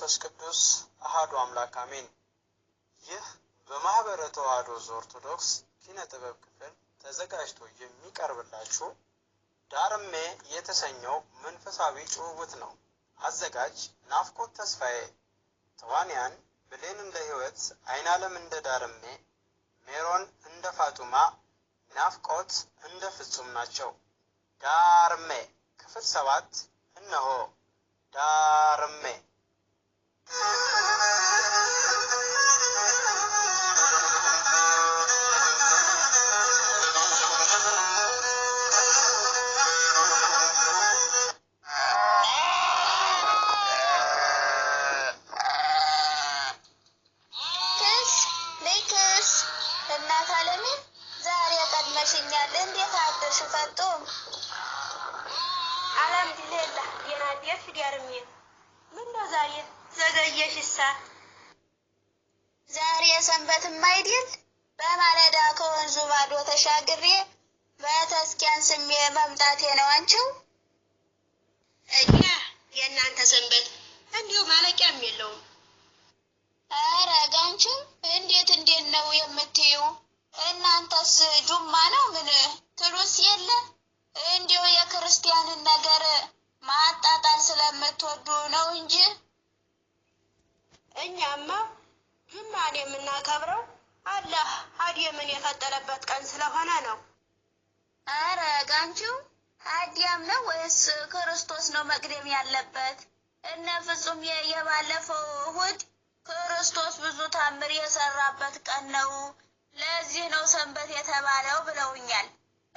መንፈስ ቅዱስ አሃዱ አምላክ አሜን። ይህ በማህበረ ተዋሕዶ ኦርቶዶክስ ኪነ ጥበብ ክፍል ተዘጋጅቶ የሚቀርብላችሁ ዳርሜ የተሰኘው መንፈሳዊ ጭውውት ነው። አዘጋጅ ናፍቆት ተስፋዬ፣ ተዋንያን ብሌን እንደ ህይወት፣ አለም እንደ ዳርሜ፣ ሜሮን እንደ ፋጡማ፣ ናፍቆት እንደ ፍጹም ናቸው። ዳርሜ ክፍል ሰባት እነሆ ዳርሜ እናት አለሜ ዛሬ ቀድመሽኛል። እንዴት አደርሽ ፈጡ? አልሐምዱሊላህ ደህና ዛሬ ዘገየሽሳ ዛሬ ሰንበትም አይደል? በማለዳ ከወንዙ ማዶ ተሻግሬ በተስኪያን ስሜ መምጣቴ ነው። አንቺው እኛ የእናንተ ሰንበት እንዲሁ ማለቂያም የለውም። አረ እንዴት እንዴት ነው የምናከብረው አላህ ሀዲየምን የፈጠረበት ቀን ስለሆነ ነው። አረ ጋንቺው ሀዲያም ነው ወይስ ክርስቶስ ነው መቅደም ያለበት? እነ ፍጹም የባለፈው ሁድ ክርስቶስ ብዙ ታምር የሰራበት ቀን ነው፣ ለዚህ ነው ሰንበት የተባለው ብለውኛል።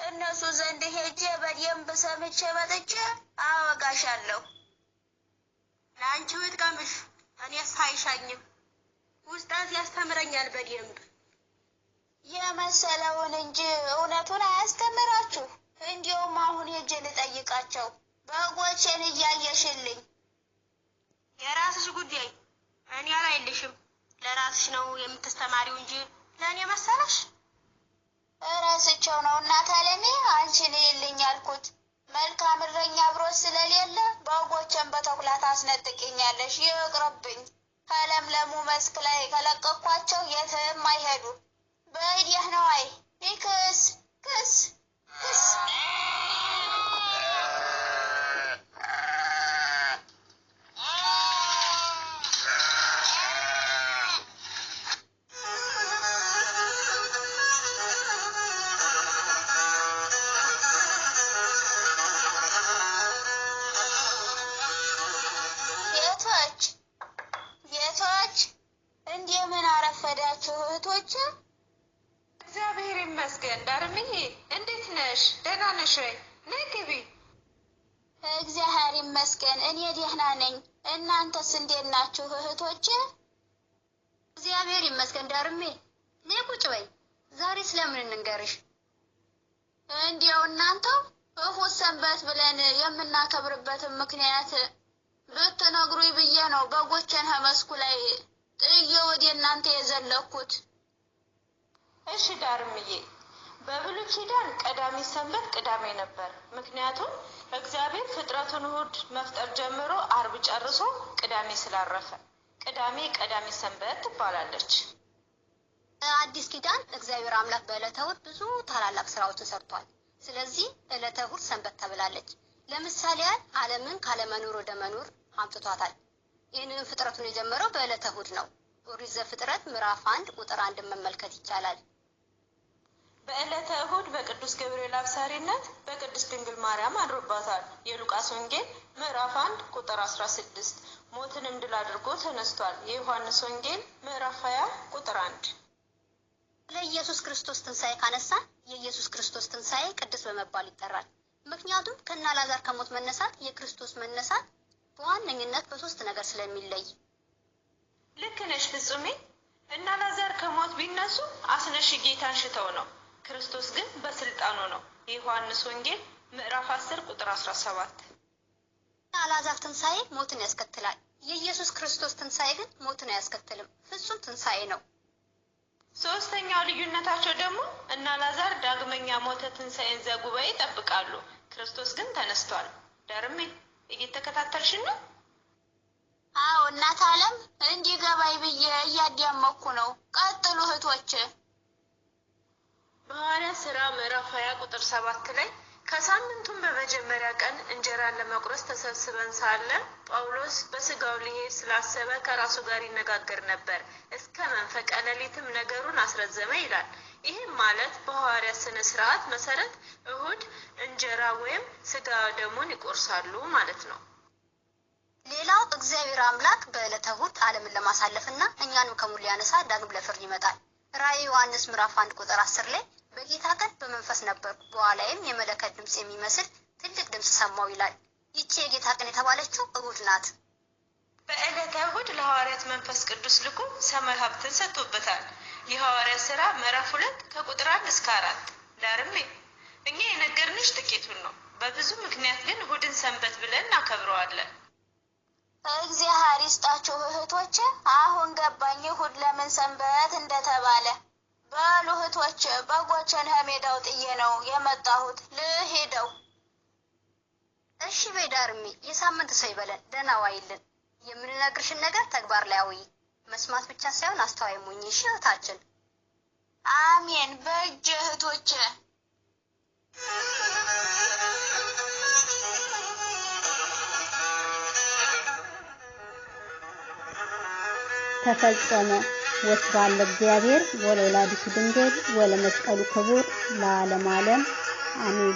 እነሱ ዘንድ ሄጄ በደንብ ሰምቼ መጥቼ አወጋሻለሁ። ለአንቺ ውድቀምሽ እኔስ ሳይሻኝም ውስጣት ያስተምረኛል በደንብ የመሰለውን እንጂ እውነቱን አያስተምራችሁ። እንዲሁም አሁን ሄጄ ልጠይቃቸው። በጎቼን እያየሽልኝ የራስሽ ጉዳይ እኔ አላይልሽም። ለራስሽ ነው የምትስተማሪው እንጂ ለእኔ መሰለሽ? እረስቸው ነው እናት አለኔ አንቺን ይልኝ ያልኩት መልካም እረኛ አብሮት ስለሌለ በጎቼን በተኩላት አስነጥቅኛለሽ። ይቅርብኝ። ከለምለሙ መስክ ላይ ከለቀኳቸው የትም አይሄዱ በእድያህ ነዋይ ዲክስ ይመስገን። ዳርምዬ እንዴት ነሽ? ደህና ነሽ ወይ? ነይ ግቢ። እግዚአብሔር ይመስገን እኔ ደህና ነኝ። እናንተስ እንዴት ናችሁ እህቶች እግዚአብሔር ይመስገን። ዳርሜ ነይ ቁጭ በይ። ዛሬ ስለምን እንንገርሽ? እንዲያው እናንተው እሑድ ሰንበት ብለን የምናከብርበትን ምክንያት ብትነግሩኝ ብዬ ነው በጎቼን ከመስኩ ላይ ጥዬ ወደ እናንተ የዘለኩት። እሺ ዳርምዬ በብሉይ ኪዳን ቀዳሚ ሰንበት ቅዳሜ ነበር። ምክንያቱም እግዚአብሔር ፍጥረቱን እሁድ መፍጠር ጀምሮ አርብ ጨርሶ ቅዳሜ ስላረፈ ቅዳሜ ቀዳሚ ሰንበት ትባላለች። አዲስ ኪዳን እግዚአብሔር አምላክ በዕለተ እሁድ ብዙ ታላላቅ ስራዎችን ሰርቷል። ስለዚህ ዕለተ እሁድ ሰንበት ተብላለች። ለምሳሌ ያህል ዓለምን ካለመኖር ወደ መኖር አምጥቷታል። ይህንን ፍጥረቱን የጀመረው በዕለተ እሁድ ነው። ኦሪት ዘፍጥረት ምዕራፍ አንድ ቁጥር አንድን መመልከት ይቻላል። በዕለተ እሁድ በቅዱስ ገብርኤል አብሳሪነት በቅድስት ድንግል ማርያም አድሮባታል። የሉቃስ ወንጌል ምዕራፍ አንድ ቁጥር 16 ሞትንም ድል አድርጎ ተነስቷል። የዮሐንስ ወንጌል ምዕራፍ ሀያ ቁጥር አንድ ለኢየሱስ ክርስቶስ ትንሣኤ ካነሳን የኢየሱስ ክርስቶስ ትንሣኤ ቅዱስ በመባል ይጠራል። ምክንያቱም ከና ላዛር ከሞት መነሳት የክርስቶስ መነሳት በዋነኝነት በሶስት ነገር ስለሚለይ። ልክ ነሽ ፍጹሜ። እነ አልዓዛር ከሞት ቢነሱ አስነሽ ጌታን ሽተው ነው ክርስቶስ ግን በስልጣኑ ነው። የዮሐንስ ወንጌል ምዕራፍ 10 ቁጥር 17። አልዓዛር ትንሣኤ ሞትን ያስከትላል። የኢየሱስ ክርስቶስ ትንሣኤ ግን ሞትን አያስከትልም፣ ፍጹም ትንሣኤ ነው። ሶስተኛው ልዩነታቸው ደግሞ እነ አልዓዛር ዳግመኛ ሞተ ትንሣኤን ዘጉባኤ ይጠብቃሉ። ክርስቶስ ግን ተነስቷል። ዳርሜ እየተከታተልሽ ነው? አዎ እናት አለም እንዲገባይ ብዬ እያዳመኩ ነው። ቀጥሉ እህቶች። በሐዋርያ ሥራ ምዕራፍ ሀያ ቁጥር ሰባት ላይ ከሳምንቱም በመጀመሪያ ቀን እንጀራን ለመቁረስ ተሰብስበን ሳለ ጳውሎስ በስጋው ሊሄድ ስላሰበ ከራሱ ጋር ይነጋገር ነበር፣ እስከ መንፈቀ ሌሊትም ነገሩን አስረዘመ ይላል። ይህም ማለት በሐዋርያ ስነ ስርዓት መሰረት እሁድ እንጀራ ወይም ስጋ ደሙን ይቆርሳሉ ማለት ነው። ሌላው እግዚአብሔር አምላክ በዕለተ እሁድ ዓለምን ለማሳለፍ እኛንም ከሙሉ ያነሳ ዳግም ለፍርድ ይመጣል። ራእይ ዮሐንስ ምዕራፍ አንድ ቁጥር አስር ላይ በጌታ ቀን በመንፈስ ነበር። በኋላይም የመለከት ድምፅ የሚመስል ትልቅ ድምፅ ሰማው ይላል። ይቺ የጌታ ቀን የተባለችው እሁድ ናት። በዕለተ እሁድ ለሐዋርያት መንፈስ ቅዱስ ልኮ ሰማይ ሀብትን ሰጥቶበታል። የሐዋርያት ስራ ምዕራፍ ሁለት ከቁጥር አንድ እስከ አራት ዳርሜ እኛ የነገርንሽ ጥቂቱን ነው። በብዙ ምክንያት ግን እሁድን ሰንበት ብለን እናከብረዋለን። እግዚአብሔር ይስጣችሁ እህቶች፣ አሁን ገባኝ እሁድ ለምን ሰንበት እንደተባለ። በሉህቶች በጎችን ሜዳው ጥዬ ነው የመጣሁት። ልሄደው። እሺ ቤዳርሚ የሳምንት ሰው ይበለን። ደህና ዋይልን። የምንነግርሽን ነገር ተግባር ላይ አውይ። መስማት ብቻ ሳይሆን አስተዋይ ሙኝ። እሺ እህታችን። አሜን። በእጅ እህቶች ተፈጸመ። ወስብሐት እግዚአብሔር ወለወላዲቱ ድንግል ወለመስቀሉ ክቡር ለዓለመ ዓለም አሜን።